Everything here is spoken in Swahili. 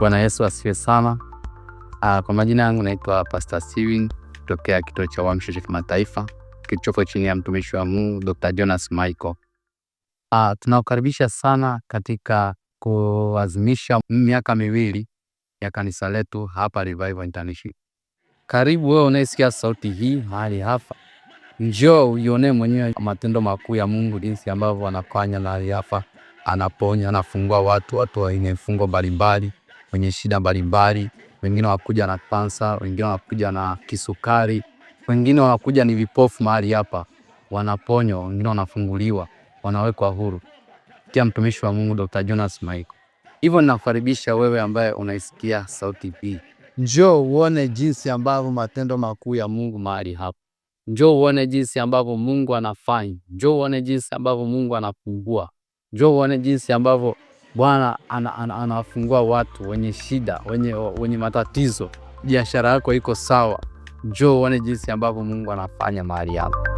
Bwana Yesu asifiwe sana. Uh, kwa majina yangu naitwa Pastor Steven kutokea kituo cha uamsho cha kimataifa kilichopo chini ya mtumishi wa Mungu Dr. Jonas Michael. Uh, ah, tunakukaribisha sana katika kuazimisha miaka miwili ya kanisa letu hapa Revival International. Karibu wewe unaisikia sauti hii mahali hapa, njoo uione mwenyewe matendo makuu ya Mungu jinsi ambavyo anafanya mahali hapa, anaponya, anafungua watu, watu wenye vifungo mbalimbali wenye shida mbalimbali, wengine wanakuja na kansa, wengine wanakuja na kisukari, wengine wanakuja ni vipofu mahali hapa, wanaponywa, wengine wanafunguliwa, wanawekwa huru. Kia mtumishi wa Mungu Dr. Jonas Michael. Hivyo ninakukaribisha wewe ambaye unaisikia sauti hii, njoo uone jinsi ambavyo matendo makuu ya Mungu mahali hapa. Njoo uone jinsi ambavyo Mungu anafanya. Njoo uone jinsi ambavyo Mungu anafungua. Njoo uone jinsi ambavyo Bwana anawafungua watu wenye shida, wenye, wenye matatizo. Biashara yako iko sawa, njoo uone jinsi ambavyo Mungu anafanya mahali hapa.